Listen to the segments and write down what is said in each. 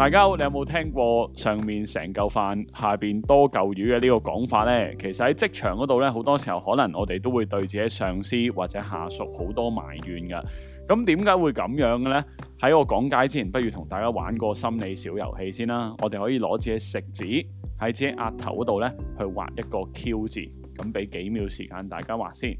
大家好，你有冇聽過上面成嚿飯下邊多嚿魚嘅呢個講法呢？其實喺職場嗰度呢，好多時候可能我哋都會對自己上司或者下屬好多埋怨噶。咁點解會咁樣嘅呢？喺我講解之前，不如同大家玩個心理小遊戲先啦。我哋可以攞自己食指喺自己額頭嗰度呢去畫一個 Q 字。咁俾幾秒時間大家畫先。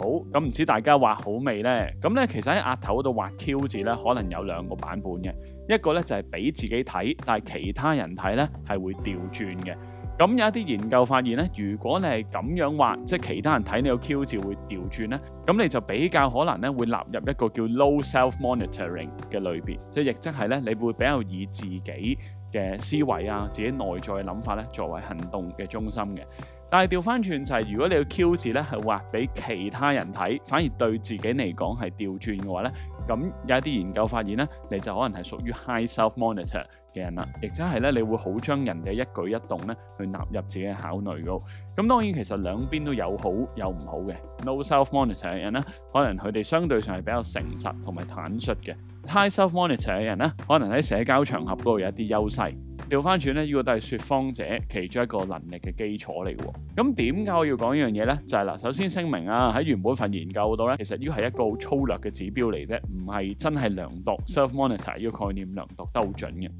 好咁，唔知大家畫好未呢？咁、嗯、咧，其實喺額頭度畫 Q 字咧，可能有兩個版本嘅。一個咧就係、是、俾自己睇，但係其他人睇咧係會調轉嘅。咁、嗯、有一啲研究發現咧，如果你係咁樣畫，即、就、係、是、其他人睇你個 Q 字會調轉咧，咁、嗯、你就比較可能咧會納入一個叫 low self monitoring 嘅類別，即係亦即係咧你會比較以自己嘅思維啊、自己內在嘅諗法咧作為行動嘅中心嘅。但係調翻轉就係、是，如果你個 Q 字咧，係畫俾其他人睇，反而對自己嚟講係調轉嘅話呢，咁有一啲研究發現呢，你就可能係屬於 high self monitor 嘅人啦，亦即係咧，你會好將人哋一舉一動呢去納入自己嘅考慮嘅。咁當然其實兩邊都有好有唔好嘅。no self monitor 嘅人呢，可能佢哋相對上係比較誠實同埋坦率嘅；high self monitor 嘅人呢，可能喺社交場合度有一啲優勢。調翻轉咧，呢個都係說謊者其中一個能力嘅基礎嚟嘅。咁點解我要講呢樣嘢咧？就係啦，首先聲明啊，喺原本份研究度咧，其實呢個係一個好粗略嘅指標嚟啫，唔係真係量度 self-monitor 呢個概念量度得好準嘅。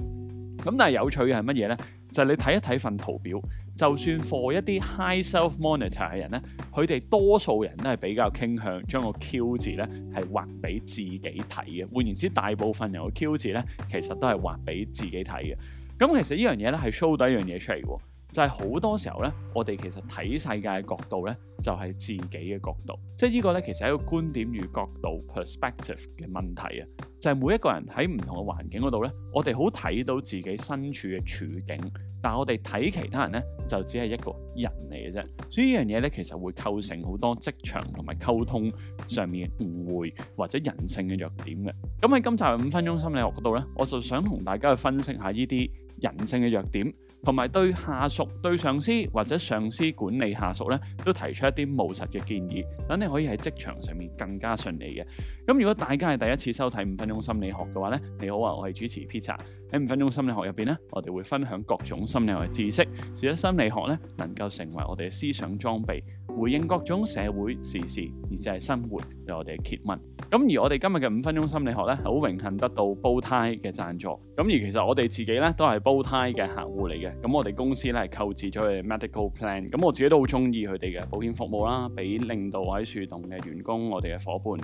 咁但係有趣嘅係乜嘢咧？就係你睇一睇份圖表，就算 for 一啲 high self-monitor 嘅人咧，佢哋多數人都係比較傾向將個 Q 字咧係畫俾自己睇嘅。換言之，大部分人嘅 Q 字咧其實都係畫俾自己睇嘅。咁其實依樣嘢咧係 show 底一樣嘢出嚟㗎。就係好多時候咧，我哋其實睇世界嘅角度咧，就係自己嘅角度。即係呢個咧，其實係一個觀點與角度 （perspective） 嘅問題啊。就係每一個人喺唔同嘅環境嗰度咧，我哋好睇到自己身處嘅處境，但係我哋睇其他人咧，就只係一個人嚟嘅啫。所以呢樣嘢咧，其實會構成好多職場同埋溝通上面嘅誤會或者人性嘅弱點嘅。咁喺今集五分鐘心理學嗰度咧，我就想同大家去分析下呢啲人性嘅弱點。同埋對下屬、對上司或者上司管理下屬呢，都提出一啲務實嘅建議，等你可以喺職場上面更加順利嘅。咁如果大家係第一次收睇五分鐘心理學嘅話呢你好啊，我係主持 Peter 喺五分鐘心理學入邊呢我哋會分享各種心理學嘅知識，使得心理學呢能夠成為我哋嘅思想裝備，回應各種社會時事，而就係生活對、就是、我哋嘅揭密。咁、嗯、而我哋今日嘅五分鐘心理學呢，好榮幸得到 Bowtie 嘅贊助。咁、嗯、而其實我哋自己呢，都係 Bowtie 嘅客戶嚟嘅。咁、嗯、我哋公司呢，係購置咗佢 Medical Plan、嗯。咁我自己都好鍾意佢哋嘅保險服務啦，俾令到我喺樹洞嘅員工，我哋嘅伙伴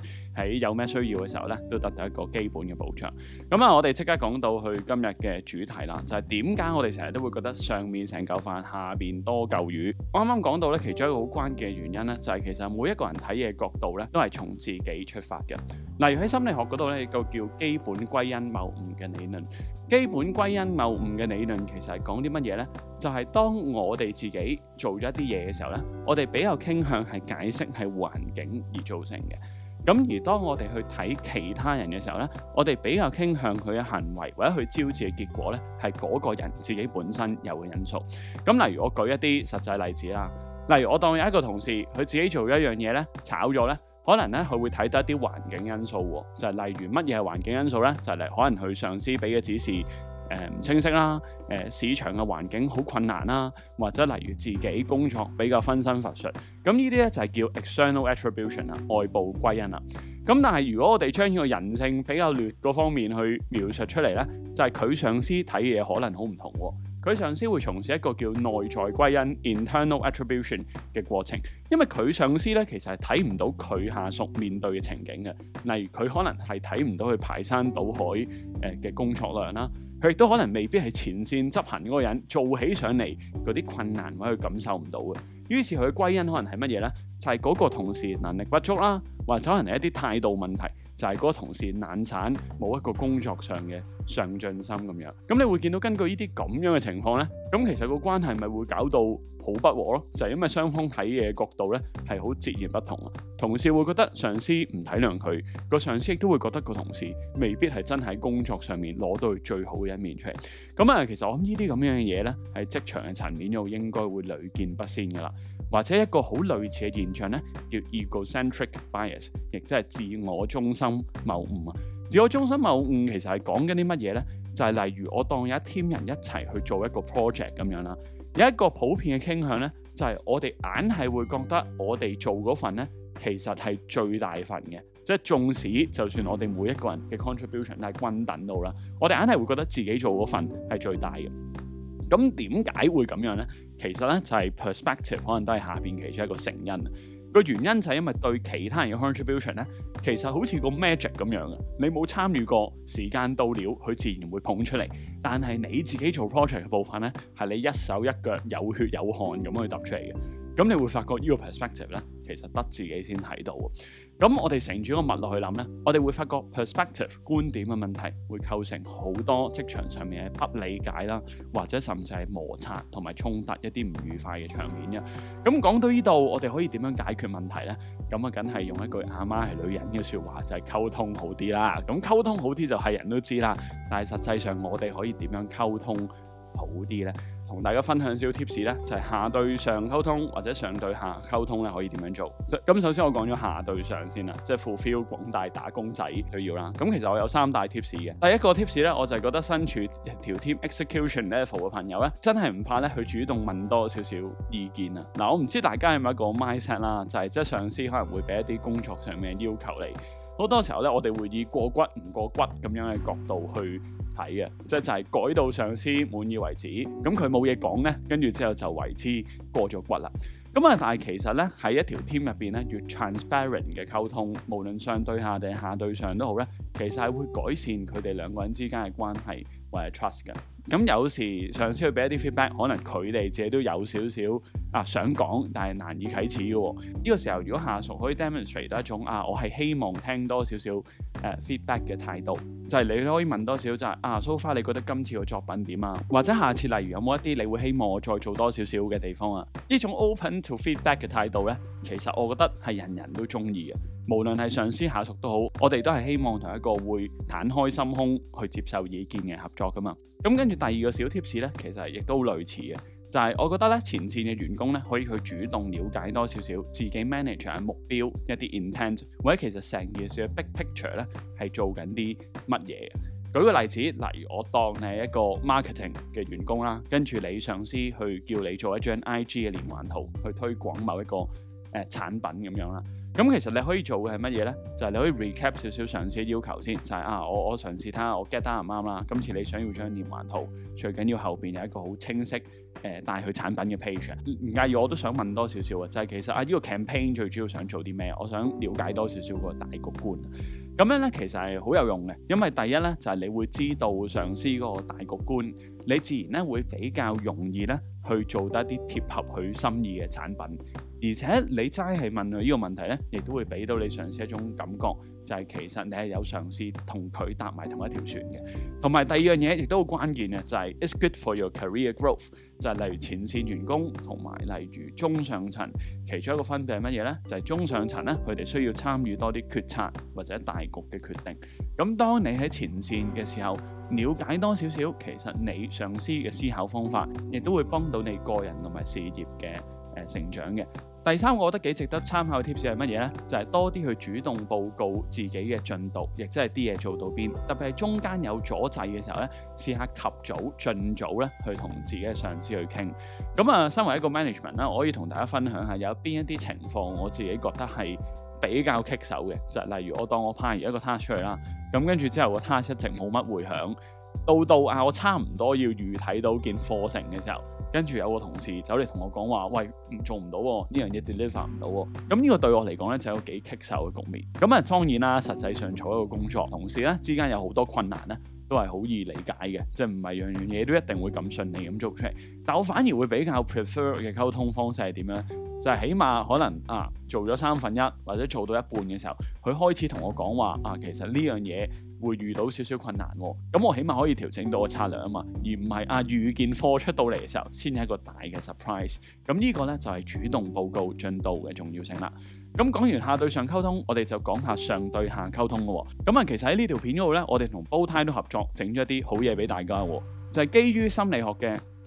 喺有。咩需要嘅時候咧，都得到一個基本嘅保障。咁啊，我哋即刻講到去今日嘅主題啦，就係點解我哋成日都會覺得上面成嚿飯，下邊多嚿魚。我啱啱講到咧，其中一個好關鍵嘅原因咧，就係、是、其實每一個人睇嘢角度咧，都係從自己出發嘅。例如喺心理學嗰度咧，有個叫基本歸因謬誤嘅理論。基本歸因謬誤嘅理論其實係講啲乜嘢咧？就係、是、當我哋自己做咗一啲嘢嘅時候咧，我哋比較傾向係解釋係環境而造成嘅。咁而當我哋去睇其他人嘅時候呢，我哋比較傾向佢嘅行為或者佢招致嘅結果呢，係嗰個人自己本身有嘅因素。咁例如我舉一啲實際例子啦，例如我當有一個同事佢自己做一樣嘢呢，炒咗呢可能呢，佢會睇到一啲環境因素喎，就係例如乜嘢係環境因素呢？就係可能佢上司俾嘅指示。誒唔、呃、清晰啦，誒、呃、市場嘅環境好困難啦，或者例如自己工作比較分身乏術，咁呢啲咧就係、是、叫 external attribution 啊，外部歸因啦。咁但係如果我哋將呢個人性比較劣嗰方面去描述出嚟咧，就係、是、佢上司睇嘅嘢可能好唔同喎。佢上司會從事一個叫內在歸因 (internal attribution) 嘅過程，因為佢上司咧其實係睇唔到佢下屬面對嘅情景嘅，例如佢可能係睇唔到佢排山倒海誒嘅工作量啦，佢亦都可能未必係前線執行嗰個人做起上嚟嗰啲困難，或者佢感受唔到嘅，於是佢歸因可能係乜嘢咧？就係嗰個同事能力不足啦，或者可能係一啲態度問題。就係嗰個同事懶散，冇一個工作上嘅上進心咁樣。咁你會見到根據呢啲咁樣嘅情況呢，咁其實個關係咪會搞到好不和咯？就係因為雙方睇嘢角度呢係好截然不同啊。同事會覺得上司唔體諒佢，個上司亦都會覺得個同事未必係真喺工作上面攞到最好嘅一面出嚟。咁啊，其實我諗呢啲咁樣嘅嘢呢，喺職場嘅層面又應該會屢見不鮮㗎啦。或者一個好類似嘅現象咧，叫 egocentric bias，亦即係自我中心謬誤啊！自我中心謬誤其實係講緊啲乜嘢咧？就係、是、例如我當有一 team 人一齊去做一個 project 咁樣啦，有一個普遍嘅傾向咧，就係、是、我哋硬係會覺得我哋做嗰份咧，其實係最大份嘅，即係縱使就算我哋每一個人嘅 contribution 都係均等到啦，我哋硬係會覺得自己做嗰份係最大嘅。咁點解會咁樣咧？其實咧就係、是、perspective，可能都係下邊其中一個成因。個原因就係因為對其他人嘅 contribution 咧，其實好似個 magic 咁樣嘅。你冇參與過，時間到了佢自然會捧出嚟。但係你自己做 project 嘅部分咧，係你一手一腳有血有汗咁去搭出嚟嘅。咁你會發覺個呢個 perspective 咧，其實得自己先睇到。咁我哋乘住個物落去諗咧，我哋會發覺 perspective 觀點嘅問題會構成好多職場上面嘅不理解啦，或者甚至係摩擦同埋衝突，一啲唔愉快嘅場面嘅啊。咁講到呢度，我哋可以點樣解決問題咧？咁啊，梗係用一句阿媽係女人嘅説話，就係、係、溝通好啲啦。咁溝通好啲就係人都知啦，但係實際上我哋可以點樣溝通好啲咧？同大家分享少 tips 咧，就係下對上溝通或者上對下溝通咧，可以點樣做？咁首先我講咗下對上先啦，即係 fulfill 廣大打工仔需要啦。咁其實我有三大 tips 嘅，第一個 tips 咧，我就係覺得身處條 team execution level 嘅朋友咧，真係唔怕咧，佢主動問多少少意見啊。嗱，我唔知大家有冇一個 mindset 啦，就係即係上司可能會俾一啲工作上面嘅要求你。好多時候咧，我哋會以過骨唔過骨咁樣嘅角度去睇嘅，即係就係改到上司滿意為止，咁佢冇嘢講咧，跟住之後就為之過咗骨啦。咁啊，但係其實咧，喺一條 team 入邊咧，越 transparent 嘅溝通，無論上對下定下對上都好咧，其實係會改善佢哋兩個人之間嘅關係或者 trust 嘅。咁有時上司去俾一啲 feedback，可能佢哋自己都有少少、啊、想講，但係難以啟齒嘅、哦。呢、這個時候，如果下屬可以 demonstrate 一種啊，我係希望聽多少少 feedback 嘅態度，就係、是、你可以問多少、就是，就係啊，so far，你覺得今次嘅作品點啊？或者下次例如有冇一啲你會希望我再做多少少嘅地方啊？呢種 open to feedback 嘅態度呢，其實我覺得係人人都中意嘅。無論係上司下屬都好，我哋都係希望同一個會坦開心胸去接受意見嘅合作㗎嘛。咁跟住第二個小貼士咧，其實亦都類似嘅，就係、是、我覺得咧，前線嘅員工咧可以去主動了解多少少自己 manager 嘅目標、一啲 intent 或者其實成件事嘅 big picture 咧係做緊啲乜嘢。舉個例子，例如我當你係一個 marketing 嘅員工啦，跟住你上司去叫你做一張 IG 嘅連環圖去推廣某一個誒、呃、產品咁樣啦。咁其實你可以做嘅係乜嘢咧？就係、是、你可以 recap 少少上司嘅要求先，就係、是、啊，我我嘗試睇下我 get 得啱唔啱啦。今次你想要張連環圖，最緊要後邊有一個好清晰誒、呃、帶佢產品嘅 page。唔介意，我都想問多少少、就是、啊，就係其實啊，呢個 campaign 最主要想做啲咩？我想了解多少少個大局觀。咁樣咧，其實係好有用嘅，因為第一咧就係、是、你會知道上司嗰個大局觀，你自然咧會比較容易咧去做得一啲貼合佢心意嘅產品。而且你齋係問佢呢個問題呢，亦都會俾到你上司一種感覺，就係其實你係有嘗試同佢搭埋同一條船嘅。同埋第二樣嘢亦都好關鍵嘅，就係 It's good for your career growth。就係例如前線員工同埋例如中上層，其中一個分別係乜嘢呢？就係中上層咧，佢哋需要參與多啲決策或者大局嘅決定。咁當你喺前線嘅時候，瞭解多少少，其實你上司嘅思考方法，亦都會幫到你個人同埋事業嘅，誒成長嘅第三個，我覺得幾值得參考嘅貼士係乜嘢呢？就係、是、多啲去主動報告自己嘅進度，亦即係啲嘢做到邊。特別係中間有阻滯嘅時候呢，試下及早、盡早呢去同自己嘅上司去傾。咁、嗯、啊，身為一個 management 啦，我可以同大家分享下有邊一啲情況，我自己覺得係比較棘手嘅，就係、是、例如我當我派完一個 task 出去啦，咁跟住之後個 task 一直冇乜回響。到到啊！我差唔多要預睇到件課程嘅時候，跟住有個同事走嚟同我講話：喂，做唔到喎，呢樣嘢 deliver 唔到喎。咁呢個對我嚟講咧，就係一個幾棘手嘅局面。咁啊，當然啦，實際上做一個工作，同事咧之間有好多困難咧，都係好易理解嘅，即係唔係樣樣嘢都一定會咁順利咁做出嚟。但我反而會比較 prefer 嘅溝通方式係點樣？就係起碼可能啊，做咗三分一或者做到一半嘅時候，佢開始同我講話啊，其實呢樣嘢，會遇到少少困難喎、哦，咁我起碼可以調整到個策略啊嘛，而唔係啊預見貨出到嚟嘅時候，先係一個大嘅 surprise。咁呢個咧就係、是、主動報告進度嘅重要性啦。咁講完下對上溝通，我哋就講下上對下溝通咯、哦。咁啊，其實喺呢條片度咧，我哋同煲呔都合作整咗一啲好嘢俾大家、哦，就係、是、基於心理學嘅。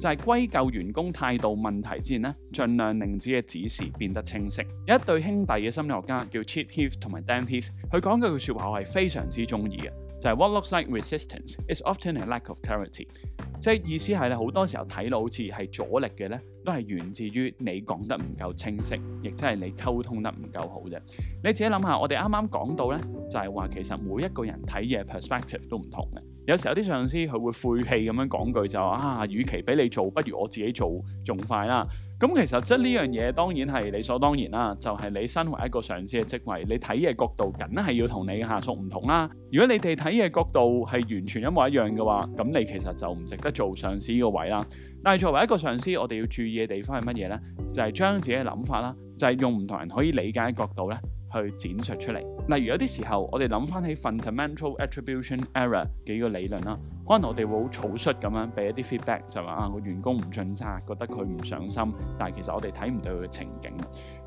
就係歸咎員工態度問題之前咧，盡量令自己嘅指示變得清晰。有一對兄弟嘅心理學家叫 Chip Heath 同埋 Dan Heath，佢講嘅一句説話我係非常之中意嘅，就係、是、What looks like resistance is often a lack of clarity。即係意思係咧，好多時候睇到好似係阻力嘅咧。都係源自於你講得唔夠清晰，亦即係你溝通得唔夠好啫。你自己諗下，我哋啱啱講到呢，就係話其實每一個人睇嘢 perspective 都唔同嘅。有時候有啲上司佢會晦氣咁樣講句就話啊，與其俾你做，不如我自己做仲快啦。咁其實即呢樣嘢當然係理所當然啦，就係你身為一個上司嘅職位，你睇嘢角度梗係要同你下屬唔同啦。如果你哋睇嘢角度係完全一模一樣嘅話，咁你其實就唔值得做上司個位啦。但係作為一個上司，我哋要注意嘅地方係乜嘢咧？就係將自己嘅諗法啦，就係用唔同人可以理解嘅角度咧，去展述出嚟。例如有啲時候，我哋諗翻起 fundamental attribution error 嘅一個理論啦，可能我哋會好草率咁樣俾一啲 feedback，就話啊個員工唔盡責，覺得佢唔上心，但係其實我哋睇唔到佢嘅情景。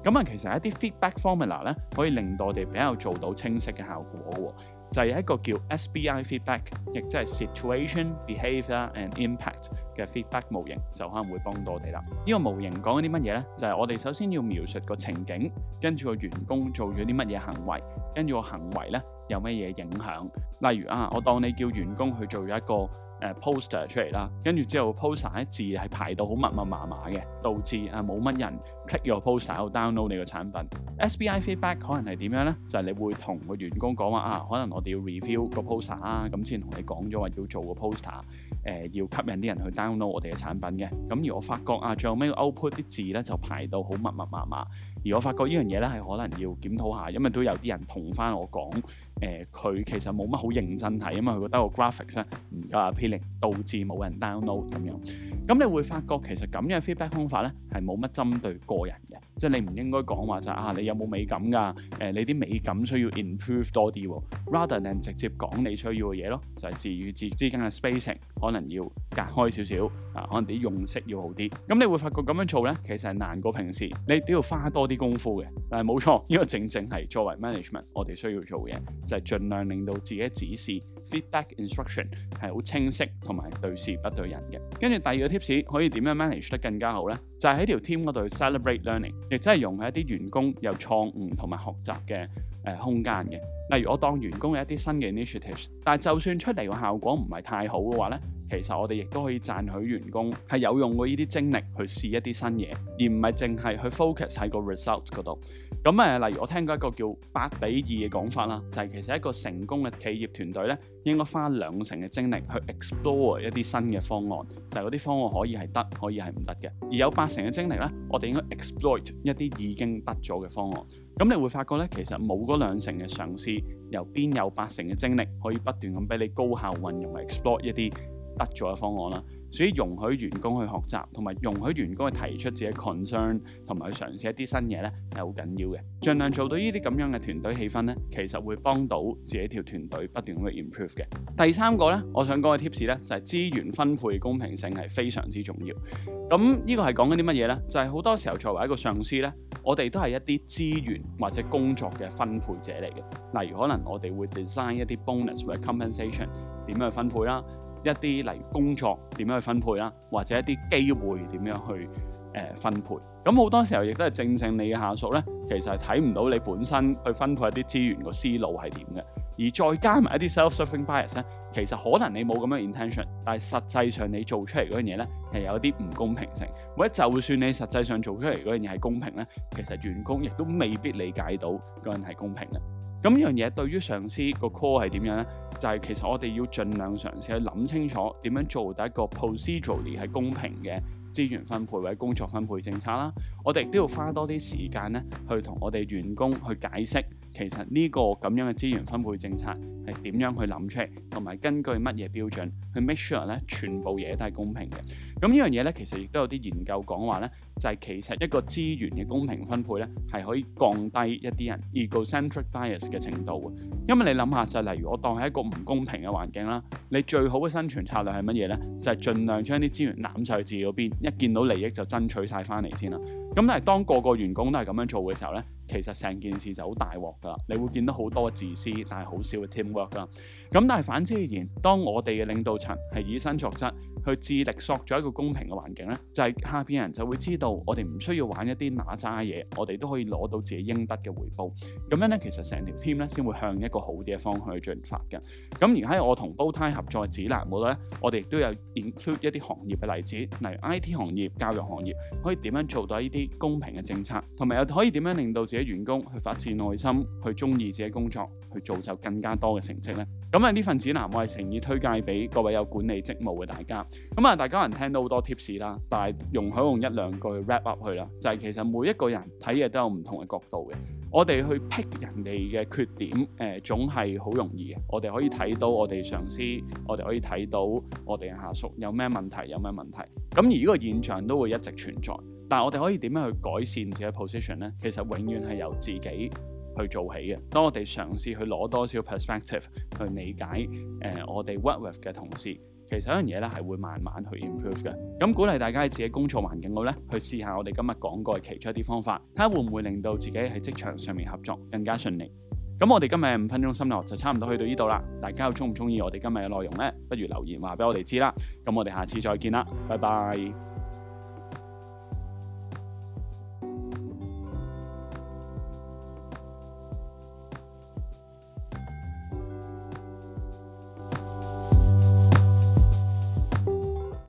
咁啊，其實一啲 feedback formula 咧，可以令到我哋比較做到清晰嘅效果喎。就係一個叫 SBI feedback，亦即係 situation behavior and impact 嘅 feedback 模型，就可能會幫到你啦。呢、這個模型講緊啲乜嘢咧？就係、係、我哋首先要描述個情景，跟住個員工做咗啲乜嘢行為，跟住個行為咧，有乜嘢影響。例如啊，我當你叫員工去做咗一個。誒、uh, poster 出嚟啦，跟住之後 poster 字係排到好密密麻麻嘅，導致啊冇乜人 click your poster，去 download 你個產品。SBI feedback 可能係點樣呢？就係、是、你會同個員工講話啊，可能我哋要 review 個 poster 啊，咁先同你講咗話要做個 poster，誒、呃、要吸引啲人，人去 download 我哋嘅產品嘅。咁而我發覺啊，最後尾個 output 啲字呢，就排到好密密麻麻。而我發覺依樣嘢咧，係可能要檢討下，因為都有啲人同翻我講，誒、呃，佢其實冇乜好認真睇，因為佢覺得個 graphics 唔夠 appealing，導致冇人 download 咁樣。咁你會發覺其實咁樣 feedback 方法咧係冇乜針對個人嘅，即係你唔應該講話就係、是、啊，你有冇美感噶，啊？誒、呃，你啲美感需要 improve 多啲、哦，rather than 直接講你需要嘅嘢咯，就係字與字之間嘅 spacing 可能要隔開少少啊，可能啲用色要好啲。咁你會發覺咁樣做咧，其實係難過平時，你都要花多啲功夫嘅。但係冇錯，呢個正正係作為 management 我哋需要做嘅，就係、是、盡量令到自己指示 feedback instruction 係好清晰同埋對事不對人嘅。跟住第二。Tips，可以點樣 manage 得更加好呢？就係喺條 team 嗰度 celebrate learning，亦即係容許一啲員工有錯誤同埋學習嘅誒空間嘅。例如我當員工有一啲新嘅 initiative，但係就算出嚟個效果唔係太好嘅話呢，其實我哋亦都可以讚許員工係有用過呢啲精力去試一啲新嘢，而唔係淨係去 focus 喺個 result 嗰度。咁例如我聽過一個叫八比二嘅講法，就係其實一個成功嘅企業團隊咧，應該花兩成嘅精力去 explore 一啲新嘅方案，就係嗰啲方案可以係得，可以係唔得嘅。而有八成嘅精力呢，我哋應該 exploit 一啲已經得咗嘅方案。咁你會發覺呢，其實冇嗰兩成嘅嘗試，又邊有八成嘅精力可以不斷咁俾你高效運用嚟 exploit 一啲得咗嘅方案啦？所以容許員工去學習，同埋容許員工去提出自己 concern，同埋去嘗試一啲新嘢咧，係好緊要嘅。儘量做到呢啲咁樣嘅團隊氣氛咧，其實會幫到自己條團隊不斷去 improve 嘅。第三個咧，我想講嘅 tips 咧，就係資源分配嘅公平性係非常之重要。咁呢個係講緊啲乜嘢咧？就係好多時候作為一個上司咧，我哋都係一啲資源或者工作嘅分配者嚟嘅。例如可能我哋會 design 一啲 bonus 或者 compensation 點樣去分配啦。一啲例如工作點樣去分配啦，或者一啲機會點樣去誒、呃、分配。咁好多時候亦都係正正你嘅下屬咧，其實係睇唔到你本身去分配一啲資源個思路係點嘅。而再加埋一啲 self-serving bias 咧，其實可能你冇咁樣 intention，但係實際上你做出嚟嗰樣嘢咧，係有啲唔公平性。或者就算你實際上做出嚟嗰樣嘢係公平咧，其實員工亦都未必理解到嗰樣係公平嘅。咁樣嘢對於上司個 call 係點樣咧？就係、是、其實我哋要盡量嘗試去諗清楚點樣做到一個 procedurally 係公平嘅。資源分配或者工作分配政策啦，我哋都要花多啲時間咧，去同我哋員工去解釋，其實呢個咁樣嘅資源分配政策係點樣去諗出嚟，同埋根據乜嘢標準去 make sure 咧全部嘢都係公平嘅。咁呢樣嘢咧，其實亦都有啲研究講話咧，就係其實一個資源嘅公平分配咧，係可以降低一啲人 egocentric bias 嘅程度嘅。因為你諗下，就係例如我當係一個唔公平嘅環境啦，你最好嘅生存策略係乜嘢咧？就係盡量將啲資源攬晒去自己邊。一見到利益就爭取晒返嚟先啦。咁但係當個個員工都係咁樣做嘅時候咧，其實成件事就好大鑊㗎。你會見到好多嘅自私，但係好少嘅 teamwork 啦。咁但係反之而言，當我哋嘅領導層係以身作則，去致力塑造一個公平嘅環境咧，就係下邊人就會知道我哋唔需要玩一啲嗱喳嘢，我哋都可以攞到自己應得嘅回報，咁樣咧，其實成條 team 咧先會向一個好啲嘅方向去進發嘅，咁而喺我同煲呔合作嘅指南嗰度咧，我哋亦都有 include 一啲行業嘅例子，例如 I.T 行業，教育行業可以點樣做到呢啲？公平嘅政策，同埋又可以點樣令到自己員工去發自內心去中意自己工作，去造就更加多嘅成績呢？咁、嗯、啊，呢份指南我係誠意推介俾各位有管理職務嘅大家。咁、嗯、啊、嗯，大家可能聽到好多 tips 啦，但係容許用一兩句 wrap up 去啦，就係、是、其實每一個人睇嘢都有唔同嘅角度嘅。我哋去 pick 人哋嘅缺點，誒、呃，總係好容易嘅。我哋可以睇到我哋上司，我哋可以睇到我哋嘅下屬有咩問題，有咩問題。咁、嗯、而呢個現象都會一直存在。但我哋可以點樣去改善自己嘅 position 呢？其實永遠係由自己去做起嘅。當我哋嘗試去攞多少 perspective 去理解誒、呃、我哋 work with 嘅同事，其實有樣嘢咧係會慢慢去 improve 嘅。咁鼓勵大家喺自己工作環境度咧，去試下我哋今日講過嘅其中一啲方法，睇下會唔會令到自己喺職場上面合作更加順利。咁我哋今日五分鐘心理學就差唔多去到呢度啦。大家又中唔中意我哋今日嘅內容呢？不如留言話俾我哋知啦。咁我哋下次再見啦，拜拜。